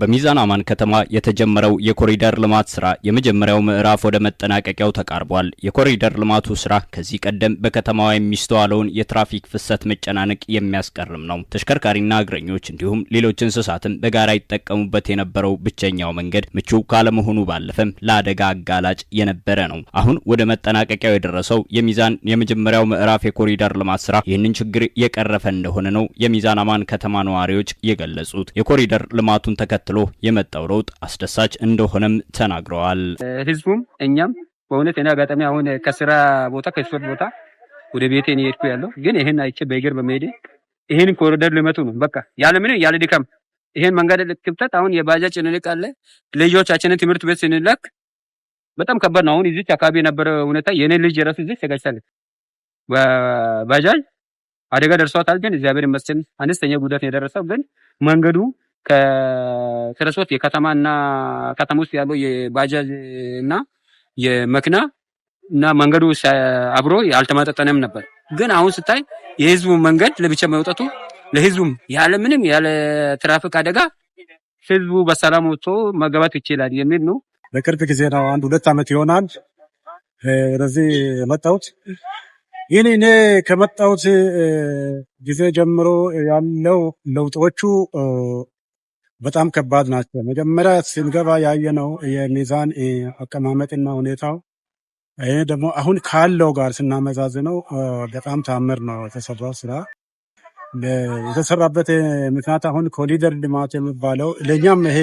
በሚዛን አማን ከተማ የተጀመረው የኮሪደር ልማት ስራ የመጀመሪያው ምዕራፍ ወደ መጠናቀቂያው ተቃርቧል። የኮሪደር ልማቱ ስራ ከዚህ ቀደም በከተማዋ የሚስተዋለውን የትራፊክ ፍሰት መጨናነቅ የሚያስቀርም ነው። ተሽከርካሪና እግረኞች እንዲሁም ሌሎች እንስሳትም በጋራ ይጠቀሙበት የነበረው ብቸኛው መንገድ ምቹ ካለመሆኑ ባለፈም ለአደጋ አጋላጭ የነበረ ነው። አሁን ወደ መጠናቀቂያው የደረሰው የሚዛን የመጀመሪያው ምዕራፍ የኮሪደር ልማት ስራ ይህንን ችግር የቀረፈ እንደሆነ ነው የሚዛን አማን ከተማ ነዋሪዎች የገለጹት። የኮሪደር ልማቱን ተከ ተከትሎ የመጣው ለውጥ አስደሳች እንደሆነም ተናግረዋል። ህዝቡም እኛም በእውነት ና አጋጣሚ አሁን ከስራ ቦታ ከስፖርት ቦታ ወደ ቤቴ ነው ያለው ግን ይህን አይቼ በእግር በመሄድ ይህን ኮሪደር ልመቱ ነው በቃ ያለምን ያለ ድካም ይህን መንገድ ክፍተት አሁን የባጃጅ እንልቃለ ልጆቻችንን ትምህርት ቤት ስንላክ በጣም ከባድ ነው። አሁን እዚች አካባቢ የነበረ ሁኔታ የእኔ ልጅ የራሱ እዚህ ተጋጭታለች በባጃጅ አደጋ ደርሷታል። ግን እግዚአብሔር ይመስገን አነስተኛ ጉዳት ነው የደረሰው። ግን መንገዱ ከክረሶት የከተማና ከተማ ውስጥ ያለው የባጃጅ እና የመኪና እና መንገዱ አብሮ አልተመጣጠነም ነበር። ግን አሁን ስታይ የህዝቡ መንገድ ለብቻ መውጣቱ ለህዝቡም ያለ ምንም ያለ ትራፊክ አደጋ ህዝቡ በሰላም ወጥቶ መገባት ይችላል የሚል ነው። በቅርብ ጊዜ ነው፣ አንድ ሁለት ዓመት ይሆናል ወደዚህ መጣሁት። ይህን እኔ ከመጣሁት ጊዜ ጀምሮ ያለው ለውጦቹ በጣም ከባድ ናቸው። መጀመሪያ ስንገባ ያየነው የሚዛን አቀማመጥና ሁኔታው ይህ ደግሞ አሁን ካለው ጋር ስናመዛዝነው በጣም ታምር ነው የተሰራው ስራ። የተሰራበት ምክንያት አሁን ኮሪደር ልማት የሚባለው ለእኛም ይሄ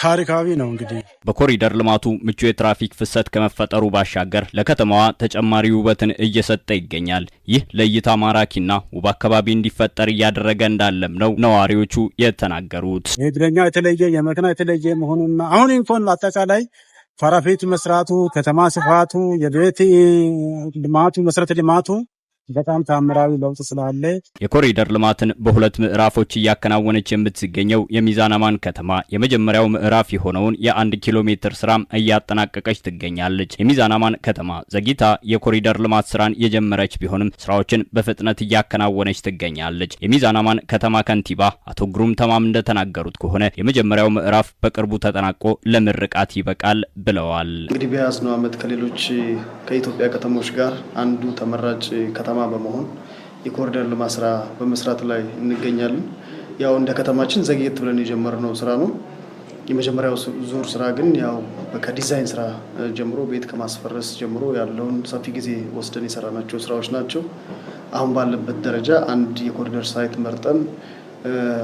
ታሪካዊ ነው። እንግዲህ በኮሪደር ልማቱ ምቹ የትራፊክ ፍሰት ከመፈጠሩ ባሻገር ለከተማዋ ተጨማሪ ውበትን እየሰጠ ይገኛል። ይህ ለእይታ ማራኪና ውብ አካባቢ እንዲፈጠር እያደረገ እንዳለም ነው ነዋሪዎቹ የተናገሩት። ይህ የተለየ የመኪና የተለየ መሆኑና አሁን እንኳን አጠቃላይ ፓራፊት መስራቱ ከተማ ስፋቱ የቤት ልማቱ መሰረተ ልማቱ በጣም ታምራዊ ለውጥ ስላለ የኮሪደር ልማትን በሁለት ምዕራፎች እያከናወነች የምትገኘው የሚዛን አማን ከተማ የመጀመሪያው ምዕራፍ የሆነውን የአንድ ኪሎ ሜትር ስራም እያጠናቀቀች ትገኛለች። የሚዛን አማን ከተማ ዘግይታ የኮሪደር ልማት ስራን የጀመረች ቢሆንም ስራዎችን በፍጥነት እያከናወነች ትገኛለች። የሚዛን አማን ከተማ ከንቲባ አቶ ግሩም ተማም እንደተናገሩት ከሆነ የመጀመሪያው ምዕራፍ በቅርቡ ተጠናቆ ለምርቃት ይበቃል ብለዋል። እንግዲህ በያዝነው ዓመት ከሌሎች ከኢትዮጵያ ከተሞች ጋር አንዱ ተመራጭ ከተማ ከተማ በመሆን የኮሪደር ልማት ስራ በመስራት ላይ እንገኛለን። ያው እንደ ከተማችን ዘግየት ብለን የጀመርነው ስራ ነው። የመጀመሪያው ዙር ስራ ግን ያው ከዲዛይን ስራ ጀምሮ ቤት ከማስፈረስ ጀምሮ ያለውን ሰፊ ጊዜ ወስደን የሰራናቸው ስራዎች ናቸው። አሁን ባለበት ደረጃ አንድ የኮሪደር ሳይት መርጠን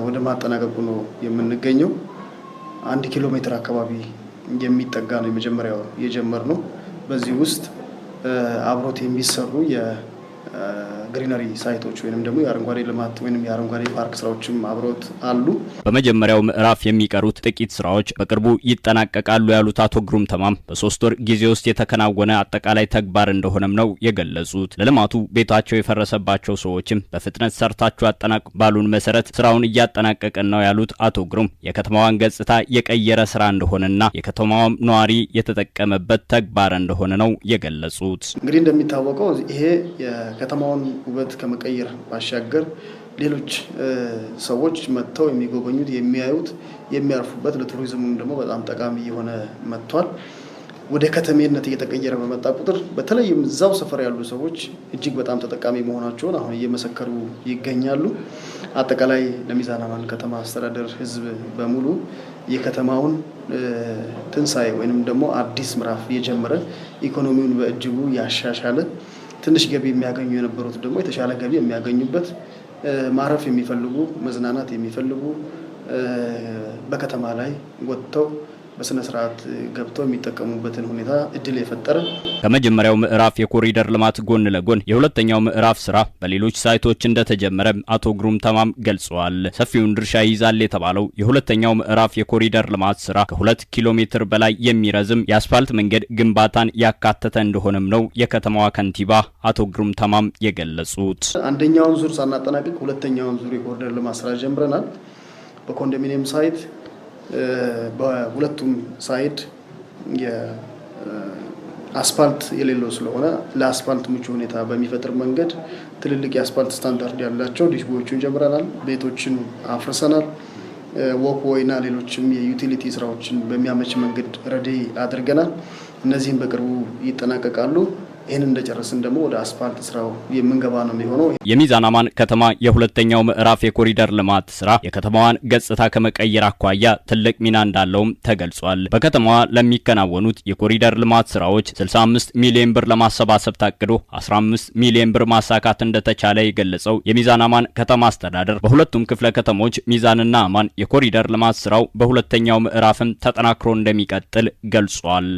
ወደ ማጠናቀቁ ነው የምንገኘው። አንድ ኪሎ ሜትር አካባቢ የሚጠጋ ነው የመጀመሪያው ነው። በዚህ ውስጥ አብሮት የሚሰሩ ግሪነሪ ሳይቶች ወይም ደግሞ የአረንጓዴ ልማት ወይም የአረንጓዴ ፓርክ ስራዎችም አብሮት አሉ። በመጀመሪያው ምዕራፍ የሚቀሩት ጥቂት ስራዎች በቅርቡ ይጠናቀቃሉ ያሉት አቶ ግሩም ተማም በሶስት ወር ጊዜ ውስጥ የተከናወነ አጠቃላይ ተግባር እንደሆነም ነው የገለጹት። ለልማቱ ቤታቸው የፈረሰባቸው ሰዎችም በፍጥነት ሰርታችሁ አጠናቅ ባሉን መሰረት ስራውን እያጠናቀቅን ነው ያሉት አቶ ግሩም የከተማዋን ገጽታ የቀየረ ስራ እንደሆነና የከተማዋም ነዋሪ የተጠቀመበት ተግባር እንደሆነ ነው የገለጹት። እንግዲህ እንደሚታወቀው ይሄ ከተማውን ውበት ከመቀየር ባሻገር ሌሎች ሰዎች መጥተው የሚጎበኙት የሚያዩት፣ የሚያርፉበት ለቱሪዝሙም ደግሞ በጣም ጠቃሚ የሆነ መጥቷል። ወደ ከተሜነት እየተቀየረ በመጣ ቁጥር በተለይም እዛው ሰፈር ያሉ ሰዎች እጅግ በጣም ተጠቃሚ መሆናቸውን አሁን እየመሰከሩ ይገኛሉ። አጠቃላይ ለሚዛን አማን ከተማ አስተዳደር ሕዝብ በሙሉ የከተማውን ትንሣኤ ወይንም ደግሞ አዲስ ምዕራፍ የጀመረ ኢኮኖሚውን በእጅጉ ያሻሻለ ትንሽ ገቢ የሚያገኙ የነበሩት ደግሞ የተሻለ ገቢ የሚያገኙበት ማረፍ የሚፈልጉ መዝናናት የሚፈልጉ በከተማ ላይ ወጥተው በስነ ስርዓት ገብተው የሚጠቀሙበትን ሁኔታ እድል የፈጠረ ከመጀመሪያው ምዕራፍ የኮሪደር ልማት ጎን ለጎን የሁለተኛው ምዕራፍ ስራ በሌሎች ሳይቶች እንደተጀመረ አቶ ግሩም ተማም ገልጸዋል። ሰፊውን ድርሻ ይዛል የተባለው የሁለተኛው ምዕራፍ የኮሪደር ልማት ስራ ከሁለት ኪሎ ሜትር በላይ የሚረዝም የአስፋልት መንገድ ግንባታን ያካተተ እንደሆነም ነው የከተማዋ ከንቲባ አቶ ግሩም ተማም የገለጹት። አንደኛውን ዙር ሳናጠናቅቅ ሁለተኛውን ዙር የኮሪደር ልማት ስራ ጀምረናል። በኮንዶሚኒየም ሳይት በሁለቱም ሳይድ አስፋልት የሌለው ስለሆነ ለአስፋልት ምቹ ሁኔታ በሚፈጥር መንገድ ትልልቅ የአስፋልት ስታንዳርድ ያላቸው ዲሽቦዎቹን ጀምረናል። ቤቶችን አፍርሰናል። ወክወይ እና ሌሎችም የዩቲሊቲ ስራዎችን በሚያመች መንገድ ረዴ አድርገናል። እነዚህም በቅርቡ ይጠናቀቃሉ። ይህን እንደጨረስን ደግሞ ወደ አስፋልት ስራው የምንገባ ነው የሚሆነው። የሚዛን አማን ከተማ የሁለተኛው ምዕራፍ የኮሪደር ልማት ስራ የከተማዋን ገጽታ ከመቀየር አኳያ ትልቅ ሚና እንዳለውም ተገልጿል። በከተማዋ ለሚከናወኑት የኮሪደር ልማት ስራዎች 65 ሚሊዮን ብር ለማሰባሰብ ታቅዶ 15 ሚሊዮን ብር ማሳካት እንደተቻለ የገለጸው የሚዛን አማን ከተማ አስተዳደር በሁለቱም ክፍለ ከተሞች ሚዛንና አማን የኮሪደር ልማት ስራው በሁለተኛው ምዕራፍም ተጠናክሮ እንደሚቀጥል ገልጿል።